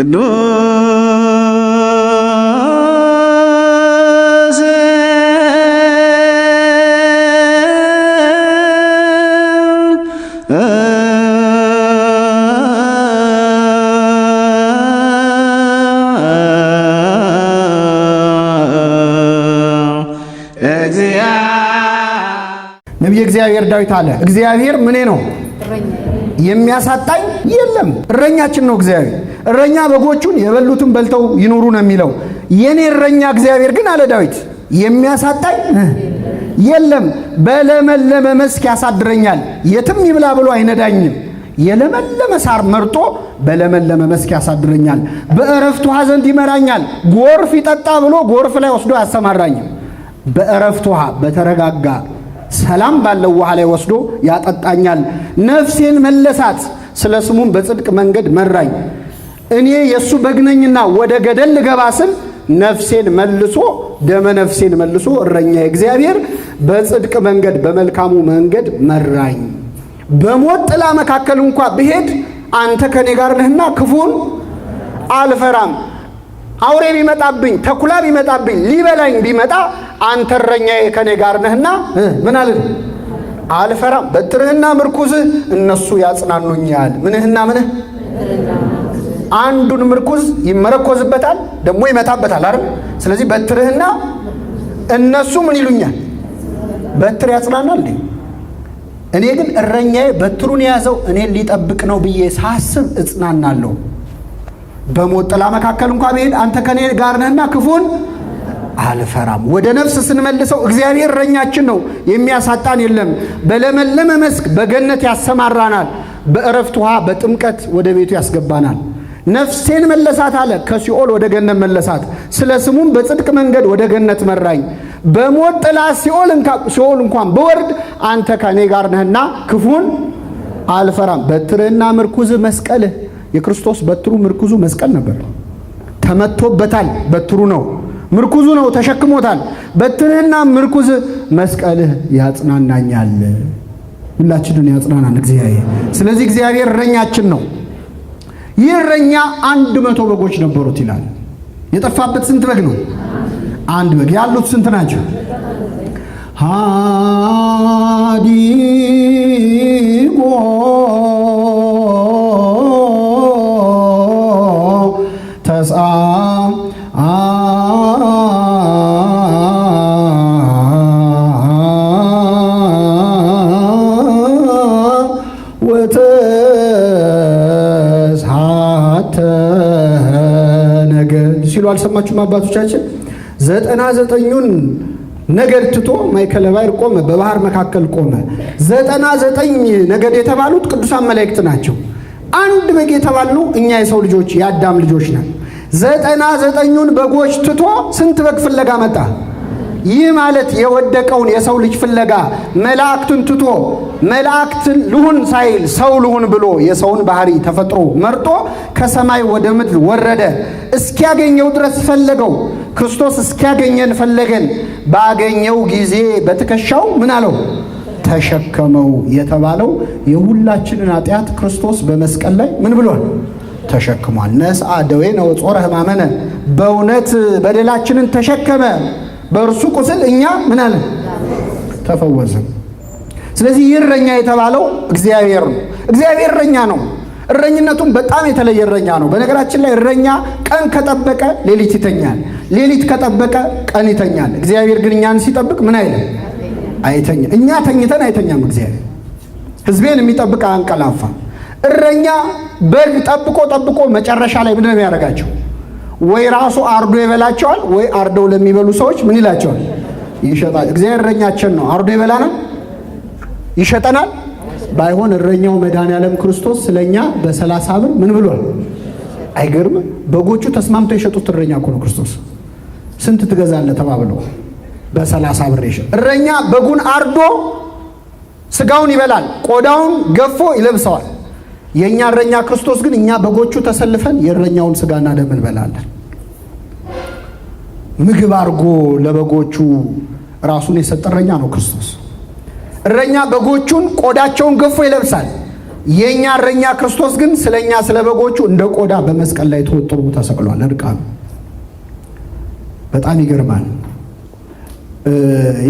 ቅዱስ ነቢየ እግዚአብሔር ዳዊት አለ፣ እግዚአብሔር ምኔ ነው የሚያሳጣኝ የለም፣ እረኛችን ነው እግዚአብሔር እረኛ በጎቹን የበሉትን በልተው ይኖሩ ነው የሚለው። የኔ እረኛ እግዚአብሔር ግን አለ ዳዊት የሚያሳጣኝ የለም፣ በለመለመ መስክ ያሳድረኛል። የትም ይብላ ብሎ አይነዳኝም። የለመለመ ሳር መርጦ በለመለመ መስክ ያሳድረኛል። በእረፍቱ ውሃ ዘንድ ይመራኛል። ጎርፍ ይጠጣ ብሎ ጎርፍ ላይ ወስዶ አያሰማራኝም። በእረፍት ውሃ በተረጋጋ ሰላም ባለው ውሃ ላይ ወስዶ ያጠጣኛል። ነፍሴን መለሳት፣ ስለ ስሙም በጽድቅ መንገድ መራኝ። እኔ የእሱ በግነኝና ወደ ገደል ልገባ ስል ነፍሴን መልሶ ደመ ነፍሴን መልሶ እረኛ እግዚአብሔር በጽድቅ መንገድ በመልካሙ መንገድ መራኝ። በሞት ጥላ መካከል እንኳ ብሄድ አንተ ከኔ ጋር ነህና ክፉን አልፈራም። አውሬ ቢመጣብኝ፣ ተኩላ ቢመጣብኝ፣ ሊበላኝ ቢመጣ አንተ እረኛዬ ከኔ ጋር ነህና ምን አልን አልፈራም። በትርህና ምርኩዝህ እነሱ ያጽናኑኛል። ምንህና ምንህ አንዱን ምርኩዝ ይመረኮዝበታል፣ ደግሞ ይመታበታል አይደል? ስለዚህ በትርህና እነሱ ምን ይሉኛል? በትር ያጽናናል። እኔ ግን እረኛዬ በትሩን የያዘው እኔን ሊጠብቅ ነው ብዬ ሳስብ እጽናናለሁ። በሞት ጥላ መካከል እንኳ ብሄድ አንተ ከኔ ጋር ነህና ክፉን አልፈራም። ወደ ነፍስ ስንመልሰው እግዚአብሔር እረኛችን ነው፣ የሚያሳጣን የለም። በለመለመ መስክ በገነት ያሰማራናል፣ በእረፍት ውሃ በጥምቀት ወደ ቤቱ ያስገባናል። ነፍሴን መለሳት አለ ከሲኦል ወደ ገነት መለሳት። ስለ ስሙም በጽድቅ መንገድ ወደ ገነት መራኝ። በሞት ጥላ ሲኦል እንኳን ብወርድ አንተ ከእኔ ጋር ነህና ክፉን አልፈራም። በትርህና ምርኩዝ መስቀልህ። የክርስቶስ በትሩ ምርኩዙ መስቀል ነበር። ተመቶበታል። በትሩ ነው ምርኩዙ ነው ተሸክሞታል። በትርህና ምርኩዝ መስቀልህ ያጽናናኛል። ሁላችንን ያጽናናን እግዚአብሔር። ስለዚህ እግዚአብሔር እረኛችን ነው። ይህ እረኛ አንድ መቶ በጎች ነበሩት ይላል። የጠፋበት ስንት በግ ነው? አንድ በግ። ያሉት ስንት ናቸው? ሃዲቆ ነገር ነገድ ሲሉ አልሰማችሁም? አባቶቻችን ዘጠና ዘጠኙን ነገድ ትቶ ማይከለ ባሕር ቆመ፣ በባህር መካከል ቆመ። ዘጠና ዘጠኝ ነገድ የተባሉት ቅዱሳን መላእክት ናቸው። አንድ በግ የተባሉ እኛ የሰው ልጆች የአዳም ልጆች ነን። ዘጠና ዘጠኙን በጎች ትቶ ስንት በግ ፍለጋ መጣ? ይህ ማለት የወደቀውን የሰው ልጅ ፍለጋ መላእክቱን ትቶ መላእክትን ልሁን ሳይል ሰው ልሁን ብሎ የሰውን ባህሪ ተፈጥሮ መርጦ ከሰማይ ወደ ምድር ወረደ። እስኪያገኘው ድረስ ፈለገው። ክርስቶስ እስኪያገኘን ፈለገን። ባገኘው ጊዜ በትከሻው ምን አለው? ተሸከመው የተባለው የሁላችንን ኃጢአት ክርስቶስ በመስቀል ላይ ምን ብሏል? ተሸክሟል። ነስአ ደዌነ ወጾረ ሕማመነ፣ በእውነት በደላችንን ተሸከመ። በእርሱ ቁስል እኛ ምን አለ ተፈወዝን። ስለዚህ ይህ እረኛ የተባለው እግዚአብሔር ነው። እግዚአብሔር እረኛ ነው። እረኝነቱም በጣም የተለየ እረኛ ነው። በነገራችን ላይ እረኛ ቀን ከጠበቀ ሌሊት ይተኛል፣ ሌሊት ከጠበቀ ቀን ይተኛል። እግዚአብሔር ግን እኛን ሲጠብቅ ምን አይልም፣ አይተኛ። እኛ ተኝተን አይተኛም። እግዚአብሔር ሕዝቤን የሚጠብቅ አንቀላፋ። እረኛ በግ ጠብቆ ጠብቆ መጨረሻ ላይ ምንድን ነው የሚያደርጋቸው? ወይ ራሱ አርዶ ይበላቸዋል፣ ወይ አርደው ለሚበሉ ሰዎች ምን ይላቸዋል? ይሸጣል። እግዚአብሔር እረኛችን ነው። አርዶ ይበላናል፣ ይሸጠናል። ባይሆን እረኛው መድኃኔዓለም ክርስቶስ ስለኛ በሰላሳ ብር ምን ብሏል? አይገርምም? በጎቹ ተስማምተው የሸጡት እረኛ እኮ ነው ክርስቶስ። ስንት ትገዛለህ ተባብለው በሰላሳ ብር ይሸጥ። እረኛ በጉን አርዶ ስጋውን ይበላል፣ ቆዳውን ገፎ ይለብሰዋል። የእኛ እረኛ ክርስቶስ ግን እኛ በጎቹ ተሰልፈን የእረኛውን ስጋና ደም እንበላለን። ምግብ አድርጎ ለበጎቹ ራሱን የሰጠ እረኛ ነው ክርስቶስ። እረኛ በጎቹን ቆዳቸውን ገፎ ይለብሳል። የእኛ እረኛ ክርስቶስ ግን ስለኛ ስለ በጎቹ እንደ ቆዳ በመስቀል ላይ ተወጥሮ ተሰቅሏል። እርቃኑ በጣም ይገርማል።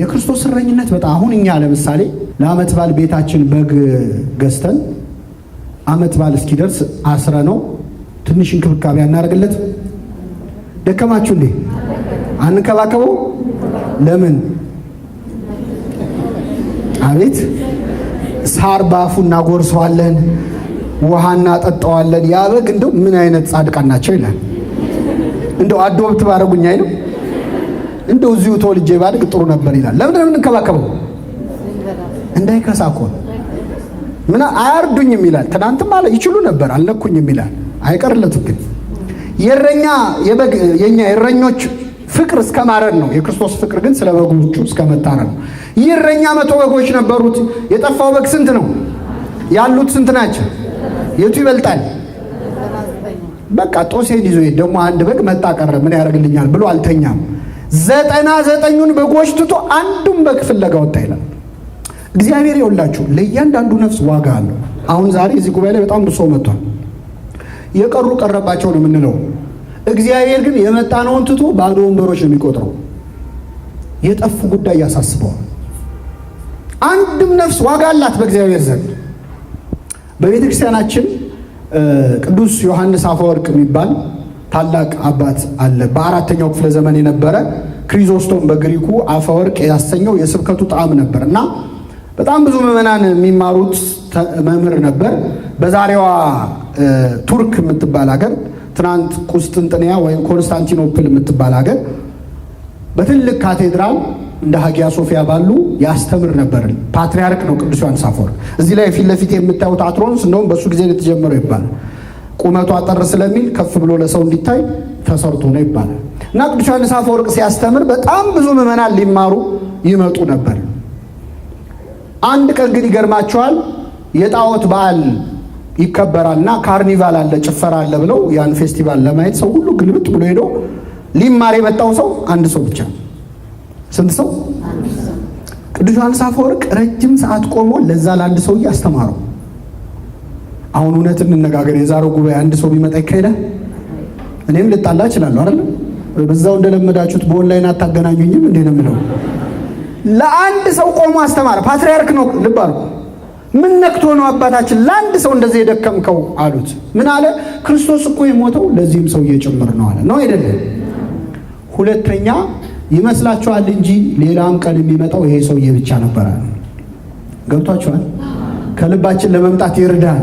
የክርስቶስ እረኝነት በጣም አሁን እኛ ለምሳሌ ለአመት በዓል ቤታችን በግ ገዝተን አመት በዓል እስኪደርስ አስረ ነው ትንሽ እንክብካቤ አናደርግለት። ደከማችሁ እንዴ? አንከባከበው? ለምን? አቤት ሳር ባፉ እናጎርሰዋለን፣ ውሃ እናጠጣዋለን። ያ በግ እንደው ምን አይነት ጻድቃን ናቸው ይላል። እንደው አዶብት ባረጉኝ አይልም። እንደው እዚሁ ተወልጄ ባድግ ጥሩ ነበር ይላል። ለምን ለምን የምንከባከበው? እንዳይከሳ እኮ ነው ምን አያርዱኝም ይላል። ትናንትም አለ ይችሉ ነበር አልነኩኝም ይላል። አይቀርለትም ግን የእረኛ የበግ የኛ የእረኞች ፍቅር እስከ ማረድ ነው። የክርስቶስ ፍቅር ግን ስለ በጎቹ እስከ መታረድ ነው። ይህ እረኛ መቶ በጎች ነበሩት። የጠፋው በግ ስንት ነው? ያሉት ስንት ናቸው? የቱ ይበልጣል? በቃ ጦሴን ይዞ ደግሞ አንድ በግ መጣ ቀረ፣ ምን ያደርግልኛል ብሎ አልተኛም። ዘጠና ዘጠኙን በጎች ትቶ አንዱን በግ ፍለጋ ወጣ ይላል። እግዚአብሔር ይወላችሁ ለእያንዳንዱ ነፍስ ዋጋ አለው። አሁን ዛሬ እዚህ ጉባኤ ላይ በጣም ብሶ መጥቷል። የቀሩ ቀረባቸው ነው የምንለው። እግዚአብሔር ግን የመጣነውን ትቶ ባዶ ወንበሮች ነው የሚቆጥረው። የጠፉ ጉዳይ ያሳስበዋል። አንድም ነፍስ ዋጋ አላት በእግዚአብሔር ዘንድ። በቤተ ክርስቲያናችን ቅዱስ ዮሐንስ አፈወርቅ የሚባል ታላቅ አባት አለ። በአራተኛው ክፍለ ዘመን የነበረ ክሪዞስቶም በግሪኩ አፈወርቅ ያሰኘው የስብከቱ ጣዕም ነበር እና በጣም ብዙ ምዕመናን የሚማሩት መምህር ነበር። በዛሬዋ ቱርክ የምትባል ሀገር ትናንት ቁስጥንጥንያ ወይም ኮንስታንቲኖፕል የምትባል ሀገር በትልቅ ካቴድራል እንደ ሀጊያ ሶፊያ ባሉ ያስተምር ነበር። ፓትሪያርክ ነው ቅዱስ ዮሐንስ አፈወርቅ። እዚህ ላይ ፊት ለፊት የምታዩት አትሮንስ እንደውም በእሱ ጊዜ የተጀመረው ይባላል። ቁመቱ አጠር ስለሚል ከፍ ብሎ ለሰው እንዲታይ ተሰርቶ ነው ይባላል። እና ቅዱስ ዮሐንስ አፈወርቅ ሲያስተምር በጣም ብዙ ምዕመናን ሊማሩ ይመጡ ነበር። አንድ ቀን ግን ይገርማቸዋል የጣዖት በዓል ይከበራልና ካርኒቫል አለ፣ ጭፈራ አለ ብለው ያን ፌስቲቫል ለማየት ሰው ሁሉ ግልብጥ ብሎ ሄዶ ሊማር የመጣው ሰው አንድ ሰው ብቻ። ስንት ሰው? ቅዱስ ዮሐንስ አፈወርቅ ረጅም ሰዓት ቆሞ ለዛ ለአንድ ሰው አስተማረው። አሁን እውነት እንነጋገር፣ የዛሬው ጉባኤ አንድ ሰው ቢመጣ ይካሄዳል? እኔም ልጣላ እችላለሁ አይደለም? በዛው እንደለመዳችሁት በኦንላይን አታገናኙኝም እንዴ ነው የምለው ለአንድ ሰው ቆሞ አስተማረ። ፓትርያርክ ነው ልብ አሉ። ምን ነክቶ ነው አባታችን ለአንድ ሰው እንደዚህ የደከምከው አሉት። ምን አለ? ክርስቶስ እኮ የሞተው ለዚህም ሰው ጭምር ነው አለ። ነው አይደለም? ሁለተኛ ይመስላችኋል እንጂ ሌላም ቀን የሚመጣው ይሄ ሰውዬ ብቻ ነበረ። ገብቷችኋል? ከልባችን ለመምጣት ይርዳል።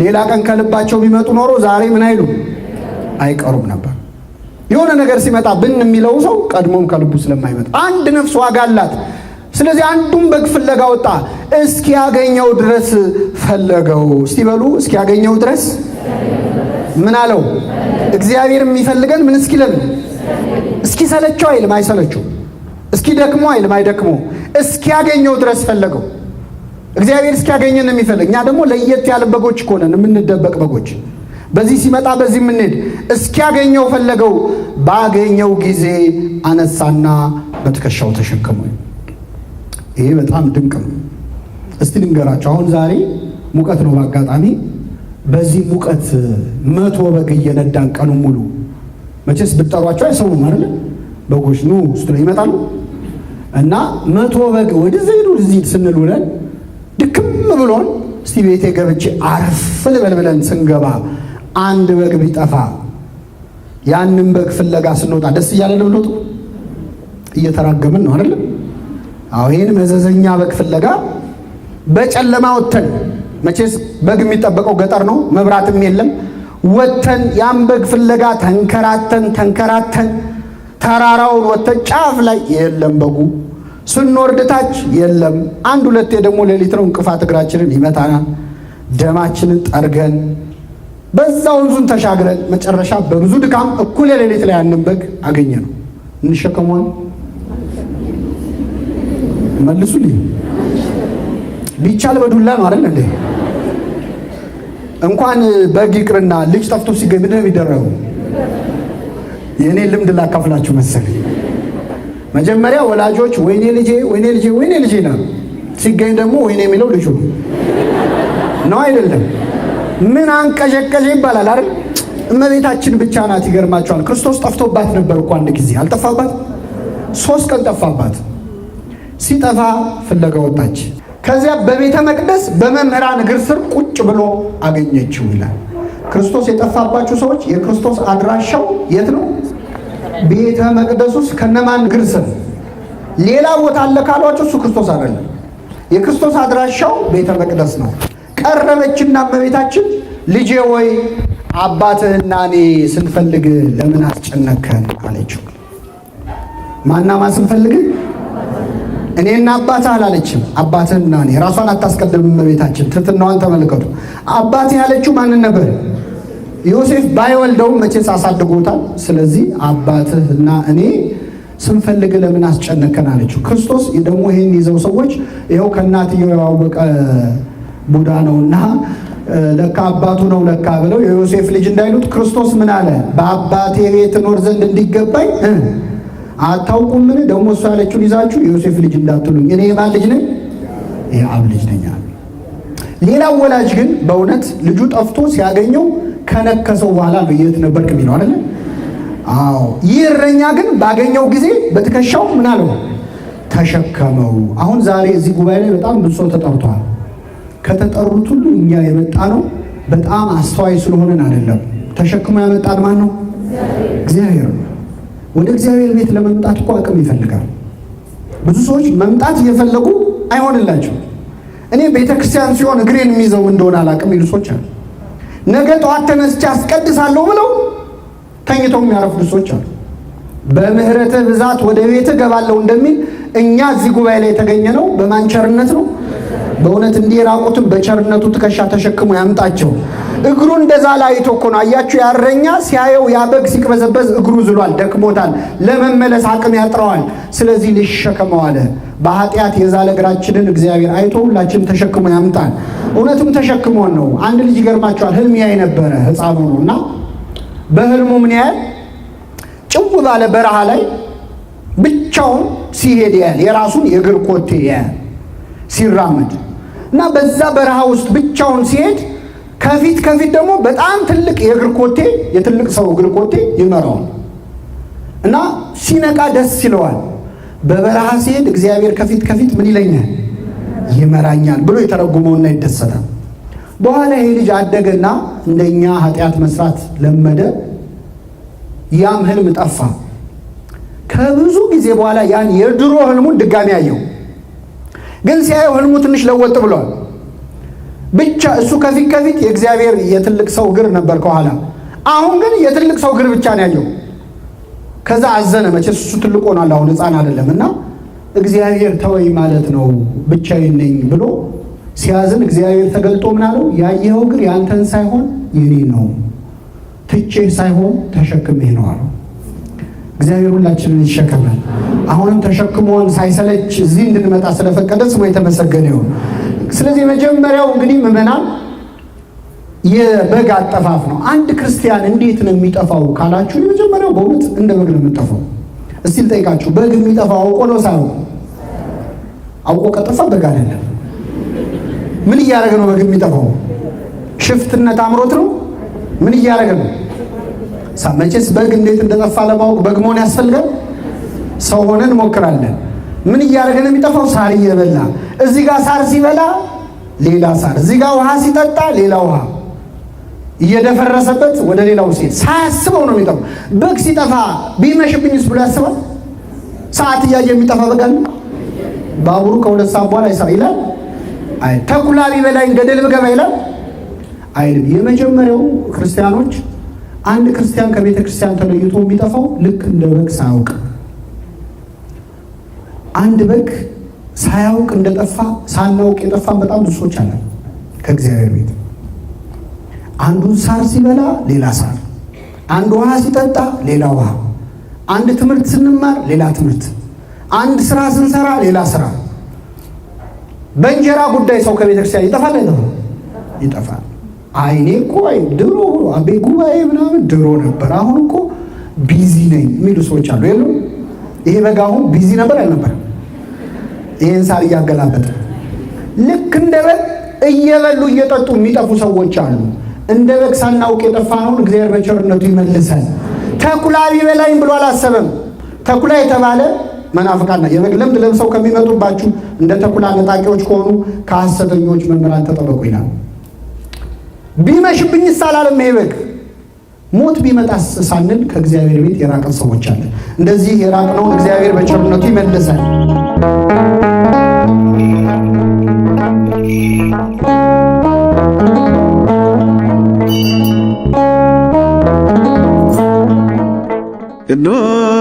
ሌላ ቀን ከልባቸው ቢመጡ ኖሮ ዛሬ ምን አይሉ አይቀሩም ነበር። የሆነ ነገር ሲመጣ ብን የሚለው ሰው ቀድሞም ከልቡ ስለማይመጣ አንድ ነፍስ ዋጋ አላት። ስለዚህ አንዱም በግ ፍለጋ ወጣ፣ እስኪያገኘው ድረስ ፈለገው። እስቲ በሉ እስኪያገኘው ድረስ ምን አለው? እግዚአብሔር የሚፈልገን ምን እስኪለን እስኪ ሰለቸው አይልም፣ አይሰለችው። እስኪ ደክሞ አይልም፣ አይደክመው። እስኪያገኘው ድረስ ፈለገው። እግዚአብሔር እስኪያገኘን የሚፈልግ እኛ ደግሞ ለየት ያለ በጎች ከሆነን የምንደበቅ በጎች በዚህ ሲመጣ በዚህ የምንሄድ እስኪያገኘው ፈለገው። ባገኘው ጊዜ አነሳና በትከሻው ተሸከሙ። ይሄ በጣም ድንቅ ነው። እስቲ ልንገራቸው። አሁን ዛሬ ሙቀት ነው። በአጋጣሚ በዚህ ሙቀት መቶ በግ እየነዳን ቀኑ ሙሉ መቼስ ብጠሯቸው አይሰሙም አይደለ? በጎች ኑ ውስጥ ላይ ይመጣሉ። እና መቶ በግ ወደዚህ ሄዱ እዚህ ስንል ውለን ድክም ብሎን እስቲ ቤቴ ገብቼ አርፍ ልበል ብለን ስንገባ አንድ በግ ቢጠፋ ያንን በግ ፍለጋ ስንወጣ ደስ እያለ ነው ለውጡ እየተራገምን ነው አይደል? አዎ ይህን መዘዘኛ በግ ፍለጋ በጨለማ ወተን መቼስ በግ የሚጠበቀው ገጠር ነው፣ መብራትም የለም። ወተን ያን በግ ፍለጋ ተንከራተን ተንከራተን ተራራውን ወተን ጫፍ ላይ የለም በጉ። ስንወርድ ታች የለም። አንድ ሁለቴ ደግሞ ሌሊት ነው እንቅፋት እግራችንን ይመታናል። ደማችንን ጠርገን በዛ ወንዙን ተሻግረን መጨረሻ በብዙ ድካም እኩል የሌሊት ላይ ያንን በግ አገኘ ነው። እንሸከመዋል መልሱልኝ። ቢቻል በዱላ ነው አይደል እንዴ? እንኳን በግ ይቅርና ልጅ ጠፍቶ ሲገኝ ምንድን ነው የሚደረገው? የእኔ ልምድ ላካፍላችሁ መሰለኝ። መጀመሪያ ወላጆች ወይኔ ልጄ፣ ወይኔ ልጄ፣ ወይኔ ልጄ ወይኔ ልጄ ነው ሲገኝ ደግሞ ወይኔ የሚለው ልጁ ነው አይደለም ምን አንቀዠቀዠ ይባላል አይደል? እመቤታችን ብቻ ናት። ይገርማቸዋል። ክርስቶስ ጠፍቶባት ነበር እኮ አንድ ጊዜ አልጠፋባት፣ ሶስት ቀን ጠፋባት። ሲጠፋ ፍለጋ ወጣች። ከዚያ በቤተ መቅደስ በመምህራን እግር ስር ቁጭ ብሎ አገኘችው ይላል። ክርስቶስ የጠፋባችሁ ሰዎች የክርስቶስ አድራሻው የት ነው? ቤተ መቅደስ ውስጥ ከነማን እግር ስር? ሌላ ቦታ አለ ካሏቸው እሱ ክርስቶስ አይደለም። የክርስቶስ አድራሻው ቤተ መቅደስ ነው። ቀረበችና እመቤታችን ልጄ ወይ አባትህና እኔ ስንፈልግ ለምን አስጨነከን አለችው። ማና ማን ስንፈልግ እኔና አባትህ አላለችም። አባትህና እኔ ራሷን አታስቀድም እመቤታችን። ትትናዋን ተመልከቱ። አባት ያለችው ማንን ነበር? ዮሴፍ ባይወልደውም መቼስ አሳድጎታል። ስለዚህ አባትህና እኔ ስንፈልግ ለምን አስጨነከን አለችው። ክርስቶስ ደግሞ ይህን ይዘው ሰዎች ይኸው ከእናትየው የዋወቀ ቡዳ ነውና ለካ አባቱ ነው ለካ ብለው የዮሴፍ ልጅ እንዳይሉት ክርስቶስ ምን አለ? በአባቴ ቤት እኖር ዘንድ እንዲገባኝ አታውቁም ደግሞ እሱ ያለችውን ይዛችሁ የዮሴፍ ልጅ እንዳትሉኝ እኔ የማን ልጅ ነኝ? የአብ ልጅ ነኝ። ሌላው ወላጅ ግን በእውነት ልጁ ጠፍቶ ሲያገኘው ከነከሰው በኋላ ነው የት ነበርክ የሚለው አይደለ? አዎ። ይህ እረኛ ግን ባገኘው ጊዜ በትከሻው ምን አለው? ተሸከመው። አሁን ዛሬ እዚህ ጉባኤ ላይ በጣም ብሶ ተጠርቷል። ከተጠሩት ሁሉ እኛ የመጣ ነው። በጣም አስተዋይ ስለሆነን አይደለም። ተሸክሞ ያመጣን ማን ነው? እግዚአብሔር ወደ እግዚአብሔር ቤት ለመምጣት እኮ አቅም ይፈልጋል። ብዙ ሰዎች መምጣት እየፈለጉ አይሆንላቸው። እኔ ቤተ ክርስቲያን ሲሆን እግሬን የሚይዘው እንደሆነ አላቅም ይሉ ሰዎች አሉ። ነገ ጠዋት ተነስቼ አስቀድሳለሁ ብለው ተኝተው የሚያረፍዱ ሰዎች አሉ። በምህረትህ ብዛት ወደ ቤት እገባለሁ እንደሚል እኛ እዚህ ጉባኤ ላይ የተገኘ ነው በማንቸርነት ነው በእውነት እንዲህ የራቁትን በቸርነቱ ትከሻ ተሸክሞ ያምጣቸው። እግሩ እንደዛ ላይቶ እኮ ነው አያችሁ። ያረኛ ሲያየው ያበግ ሲቅበዘበዝ እግሩ ዝሏል፣ ደክሞታል፣ ለመመለስ አቅም ያጥረዋል። ስለዚህ ልሸከመው አለ። በኃጢአት የዛለ እግራችንን እግዚአብሔር አይቶ ሁላችን ተሸክሞ ያምጣል። እውነትም ተሸክሞን ነው። አንድ ልጅ ይገርማቸዋል። ህልም ያይ ነበረ ህፃኑ ነው እና በህልሙ ምን ያህል ጭው ባለ በረሃ ላይ ብቻውን ሲሄድ ያል የራሱን የእግር ኮቴ ሲራመድ እና በዛ በረሃ ውስጥ ብቻውን ሲሄድ ከፊት ከፊት ደግሞ በጣም ትልቅ የእግር ኮቴ የትልቅ ሰው እግር ኮቴ ይመራዋል እና ሲነቃ ደስ ይለዋል። በበረሃ ሲሄድ እግዚአብሔር ከፊት ከፊት ምን ይለኛል ይመራኛል ብሎ የተረጉመውና ይደሰታል። በኋላ ይሄ ልጅ አደገና እንደኛ ኃጢአት መስራት ለመደ። ያም ህልም ጠፋ። ከብዙ ጊዜ በኋላ ያን የድሮ ህልሙን ድጋሚ አየው። ግን ሲያየው ህልሙ ትንሽ ለወጥ ብሏል። ብቻ እሱ ከፊት ከፊት የእግዚአብሔር የትልቅ ሰው እግር ነበር ከኋላ። አሁን ግን የትልቅ ሰው እግር ብቻ ነው ያየው። ከዛ አዘነ። መቼ እሱ ትልቅ ሆኗል አሁን ህፃን አይደለም። እና እግዚአብሔር ተወይ ማለት ነው ብቻዬን ነኝ ብሎ ሲያዝን እግዚአብሔር ተገልጦ ምን አለው? ያየኸው እግር ያንተን ሳይሆን የኔ ነው፣ ትቼ ሳይሆን ተሸክሜ ነው አለው። እግዚአብሔር ሁላችንን ይሸከማል። አሁንም ተሸክሞን ሳይሰለች እዚህ እንድንመጣ ስለፈቀደ ስሙ የተመሰገነ ይሁን። ስለዚህ የመጀመሪያው እንግዲህ ምዕመናን የበግ አጠፋፍ ነው። አንድ ክርስቲያን እንዴት ነው የሚጠፋው ካላችሁ የመጀመሪያው በእውነት እንደ በግ ነው የምጠፋው። እስቲ ልጠይቃችሁ፣ በግ የሚጠፋው አውቆ ነው ሳይሆን አውቆ ከጠፋ በግ አይደለም። ምን እያደረገ ነው በግ የሚጠፋው? ሽፍትነት አምሮት ነው። ምን እያደረገ ነው? መቼስ በግ እንዴት እንደጠፋ ለማወቅ በግ መሆን ያስፈልጋል። ሰው ሆነን እንሞክራለን። ምን እያደረገ ነው የሚጠፋው? ሳር እየበላ እዚህ ጋር ሳር ሲበላ ሌላ ሳር፣ እዚህ ጋር ውሃ ሲጠጣ ሌላ ውሃ እየደፈረሰበት ወደ ሌላው ሲሄድ ሳያስበው ነው የሚጠፋው። በግ ሲጠፋ ቢመሽብኝስ ብሎ ያስባል? ሰዓት እያየ የሚጠፋ በግ አለ? ባቡሩ ከሁለት ሰዓት በኋላ ይሰራ ይላል? አይ ተኩላ ቢበላኝ ገደል ብገባ ይላል? አይልም። የመጀመሪያው ክርስቲያኖች አንድ ክርስቲያን ከቤተ ክርስቲያን ተለይቶ የሚጠፋው ልክ እንደ በግ ሳያውቅ አንድ በግ ሳያውቅ እንደጠፋ ሳናውቅ የጠፋን በጣም ብሶች አለ። ከእግዚአብሔር ቤት። አንዱን ሳር ሲበላ ሌላ ሳር፣ አንድ ውሃ ሲጠጣ ሌላ ውሃ፣ አንድ ትምህርት ስንማር ሌላ ትምህርት፣ አንድ ስራ ስንሰራ ሌላ ስራ። በእንጀራ ጉዳይ ሰው ከቤተክርስቲያን ይጠፋል ይጠፋል። አይኔ እኮ ድሮ አቤ ጉባኤ ምናምን ድሮ ነበር፣ አሁን እኮ ቢዚ ነኝ የሚሉ ሰዎች አሉ። የሉ ይሄ በጋ አሁን ቢዚ ነበር አልነበረም? ይህን ሳር እያገላበጥ ልክ እንደ በግ እየበሉ እየጠጡ የሚጠፉ ሰዎች አሉ። እንደ በግ ሳናውቅ የጠፋነውን እግዚአብሔር በቸርነቱ ይመልሰን። ተኩላ ቢበላኝ ብሎ አላሰበም። ተኩላ የተባለ መናፍቃና የበግ ለምድ ለብሰው ከሚመጡባችሁ እንደ ተኩላ ነጣቂዎች ከሆኑ ከሐሰተኞች መምህራን ተጠበቁ ይላል። ቢመሽብኝ ሳላለም ይሄ በግ ሞት ቢመጣስ ሳንል ከእግዚአብሔር ቤት የራቅን ሰዎች አለ። እንደዚህ የራቅነው እግዚአብሔር በቸርነቱ ይመልሳል። እነሆ